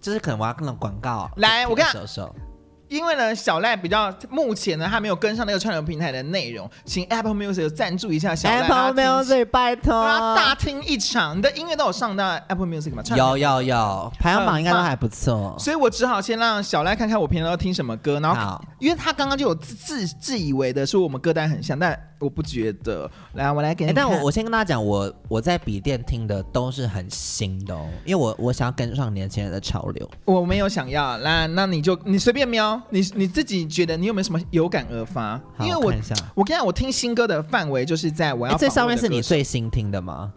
就是可能我要看那種廣告，啊，來，你手手我看看。因為呢，小賴比較目前呢，他沒有跟上那個串流平台的內容，請 Apple Music 贊助一下小賴，Apple Music 拜託，大聽一場，你的音樂都有上到 Apple Music 嗎？有有有，好排行榜應該都還不錯。所以我只好先讓小賴看看我平常要聽什麼歌，然後，好因為他剛剛就有自自自以為的說我們歌單很像，但我不覺得。來，我來給你，欸，但我我先跟大家講，我我在筆電聽的都是很新的，哦，因為我我想要跟上年輕人的潮流。我沒有想要，來，那你就你隨便瞄。 你你自己覺得你有沒有什麼有感而發？好因為我我跟你講，我聽新歌的範圍就是在我要這、欸、上面是你最新聽的嗎、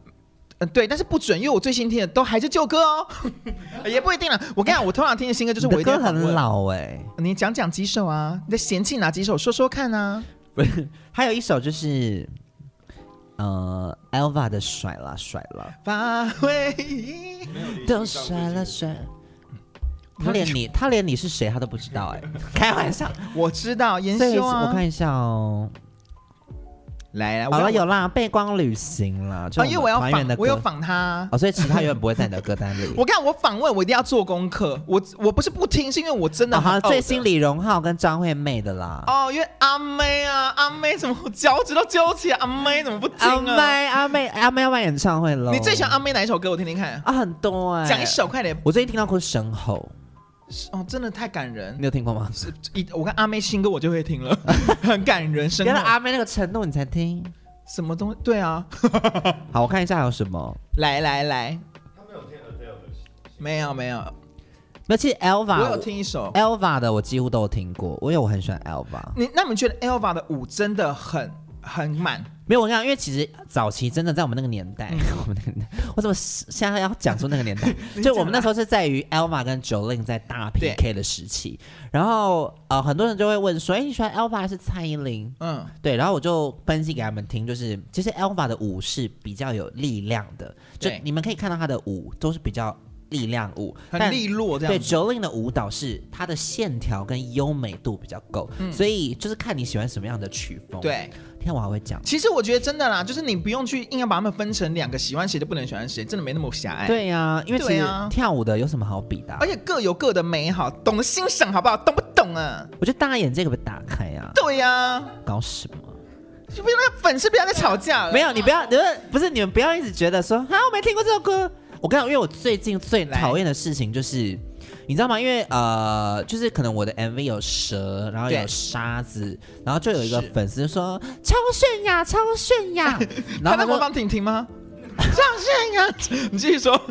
呃？對，但是不準，因為我最新聽的都還是舊歌哦，也、 欸、不一定了。我跟你講，我通常聽的新歌就是我要、欸、的很老哎、呃，你講講幾首啊？你的嫌棄哪幾首？說說看啊！還有一首就是呃，Elva 的甩啦甩了帥，把回憶都甩了甩。他連你， 他連你是誰，他都不知道哎、欸，開玩笑。我知道，嚴修、啊、所以我看一下哦、喔。來來，好了、喔、有啦，背光旅行了，就我、啊、因為我要訪的，我有訪他、啊。哦、喔，所以其他永遠不會在你的歌單裡。 我看我訪問，我一定要做功課。我我不是不聽，是因為我真的，的、啊、好像最新李榮浩跟張惠妹的啦。哦，oh，因為阿妹啊，阿妹怎麼我腳趾都揪起阿妹怎麼不聽啊？阿妹阿妹，阿妹要辦演唱會了。你最喜歡阿妹哪一首歌？我聽聽看。啊，很多哎、欸，講一首快點。我最近聽到過神《身後》。哦，真的太感人，你有聽過嗎？一，我看阿妹新歌我就會聽了， 很感人生。原來阿妹那個程度你才聽，什麼東西？對啊。 好，我看一下還有什麼。來來 來，來來他沒有聽到，他沒有。沒有沒有，尤其是 Elva 我。我有聽一首 Elva 的，我幾乎都有聽過，因為我很喜歡 Elva。你那你覺得 Elva 的舞真的很很滿？ 沒有，我跟你講，因為其實早期真的在我們那個年代，我們那個， 我怎麼現在要講出那個年代？ 啦就我們那時候是在於 Elva 跟 Jolin 在大 PK 的時期，對然後呃很多人就會問說：“以、欸、你喜歡 Elva 還是蔡依林？”嗯，對。然後我就分析給他們聽，就是其實 Elva 的舞是比較有力量的，對就你們可以看到她的舞都是比較力量舞，很利落但這樣。對 Jolin 的舞蹈是她的線條跟優美度比較夠，嗯、所以就是看你喜歡什麼樣的曲風。對。跳舞還會講，其實我覺得真的啦，就是你不用去硬要把他們分成兩個，喜歡誰就不能喜歡誰，真的沒那麼狹隘。對呀、啊，因為其實跳舞的有什麼好比的、啊？啊、而且各有各的美好，懂得欣賞好不好？懂不懂啊？我覺得大家眼界可不可以打開呀、啊？對呀、啊，搞什麼？就不要粉絲不要再吵架了。沒有，你不要，你們不是，你們不要一直覺得說啊，我沒聽過這首歌。我跟你講，因為我最近最討厭的事情就是。你知道嗎？因為呃，就是可能我的 MV 有蛇，然後有沙子，對然後就有一個粉絲說，超炫呀，超炫呀，然後，他在模仿婷婷嗎？像泫雅，你繼續說。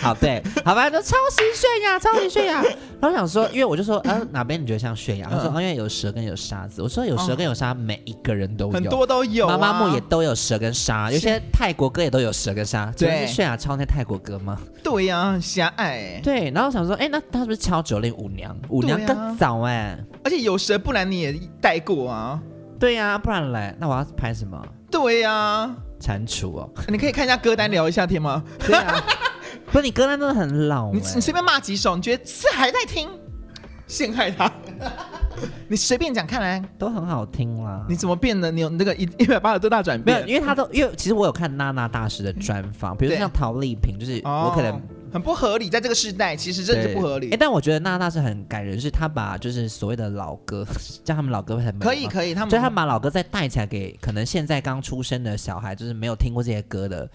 好，對，好吧，都超級泫雅。超級泫雅，然後想說，因為我就說，嗯，哪邊你覺得像泫雅？他說，因為有蛇跟有沙子。我說，有蛇跟有沙，每一個人都有，很多都有。媽媽木也都有蛇跟沙，有些泰國歌也都有蛇跟沙。對，是泫雅抄那泰國歌嗎？對呀，很狹隘。對，然後想說，哎，那他是不是敲九令五娘？五娘更早哎。而且有蛇，不然你也帶過啊。對呀，不然嘞，那我要拍什麼？對呀。蟾蜍哦，你可以看一下歌單，聊一下天嗎？對啊 不，不是你歌單真的很老，你，你你隨便罵幾首，你覺得這還在聽？陷害他， 你隨便講，看來都很好聽啦。你怎麼變的？你有那個一一百八十度大轉變？沒有，因為他都，因為其實我有看娜娜大師的專訪， 比如說像陶麗萍，就是我可能、oh, 很不合理，在這個時代，其實真的不合理。哎、欸，但我覺得娜娜大師很感人，就是他把就是所謂的老歌，叫他們老歌很可以可以，他們所以他們把老歌再帶起來，給可能現在剛出生的小孩，就是沒有聽過這些歌的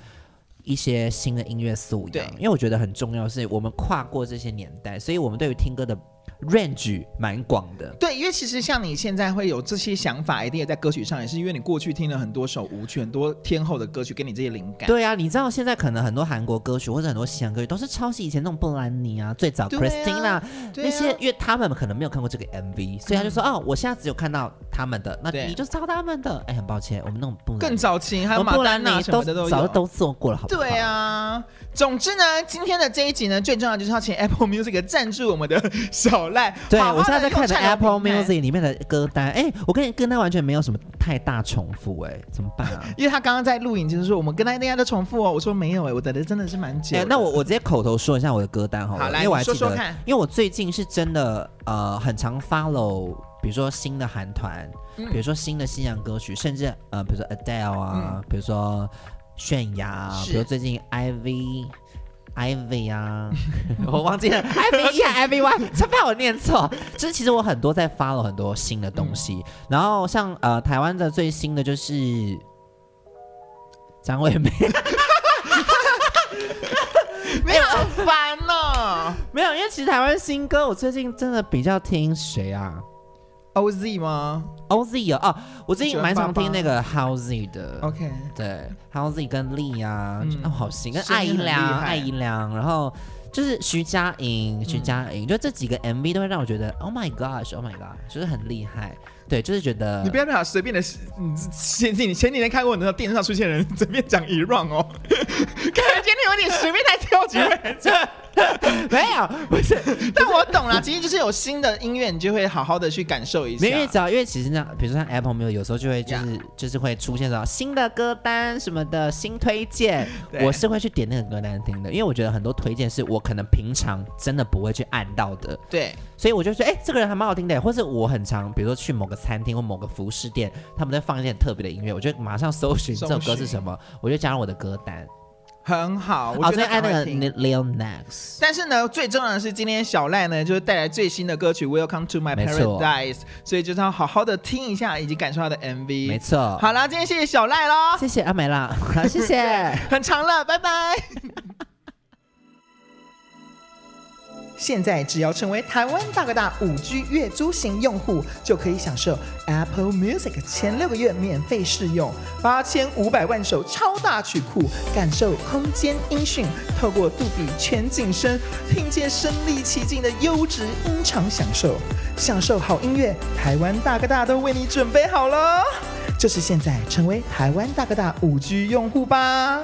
一些新的音樂素養。對因為我覺得很重要，是我們跨過這些年代，所以我們對於聽歌的。Range 蠻廣的，對，因為其實像你現在會有這些想法，一定也在歌曲上，也是因為你過去聽了很多首舞曲、很多天後的歌曲給你這些靈感。對啊，你知道現在可能很多韓國歌曲或者很多西洋歌曲都是抄襲以前那種布蘭妮啊，最早 Christina、啊啊、那些，因為他們可能沒有看過這個 MV，、嗯、所以他就說哦，我現在只有看到他們的，那你就抄他們的。對哎，很抱歉，我們那種布更早前，還有布蘭妮都,都早都做過了。好不好，對啊，總之呢，今天的這一集呢，最重要就是要請 Apple Music 贊助我們的小。Oh, like, 對，媽媽我現在在看著 Apple Music 裡面的歌單，哎、欸，我跟你跟他完全沒有什麼太大重複、欸，哎，怎麼辦啊？ 因為他剛剛在錄影就是說我們跟他那樣的重複哦、喔，我說沒有、欸，哎，我等的真的是蠻久的。哎、嗯，那我我直接口頭說一下我的歌單好了，好來，因為我還記得，你說說看，因為我最近是真的呃，很常 follow，比如說新的韓團，嗯、比如說新的西洋歌曲，甚至呃，比如說 Adele 啊，嗯、比如說泫雅，是比如說最近 IVE。Ivy 呀、啊， 我忘記了 Ivy 呀，Everyone，他怕我念錯。這、就是、其實我很多在發了很多新的東西，嗯、然後像呃台灣的最新的就是張惠妹，沒有煩了，哦、沒有，因為其實台灣新歌我最近真的比較聽誰啊，OZ 嗎？Oz 哦，哦，我最近蠻常聽那個 h o u z 的爸爸，OK，對 h o u z 跟力啊，哦、嗯，好新，跟艾怡良、音艾怡良，然後就是徐佳瑩、徐佳瑩，嗯、就這幾個 MV 都會讓我覺得，Oh my gosh, oh my god，就是很厲害，對，就是覺得你不要那樣隨便的，你前幾前幾天看過你的電視上出現人，隨便講一 round 哦，看來今天有點隨便來挑幾位這。 沒有，不是， 但我懂了。 其實就是有新的音樂，你就會好好的去感受一下。沒錯，因為其實那比如說像 Apple Music，有時候就會就是 Yeah. 就是會出現到新的歌單什麼的新推薦，對我是會去點那個歌單聽的。因為我覺得很多推薦是我可能平常真的不會去按到的。對，所以我就說，哎、欸，這個人還蠻好聽的。或是我很常比如說去某個餐廳或某個服飾店，他們在放一點特別的音樂，我就馬上搜尋學這首歌是什麼，我就加入我的歌單。很好，哦、我覺得愛那個 Lil Nas。但是呢，最重要的是今天小賴呢，就是帶來最新的歌曲 Welcome to My Paradise，沒錯。所以就是要好好的聽一下，以及感受他的 MV。沒錯。好啦，今天謝謝小賴咯，謝謝阿美啦，謝謝，啊、 謝謝 很長了，拜拜。 現在只要成為台灣大哥大五 G 月租型用戶，就可以享受 Apple Music 前六個月免費試用，八千五百萬首超大曲庫，感受空間音訊，透過杜比全景聲，憑藉身歷其境的優質音場享受。享受好音樂，台灣大哥大都為你準備好了。就是現在，成為台灣大哥大五 G 用戶吧。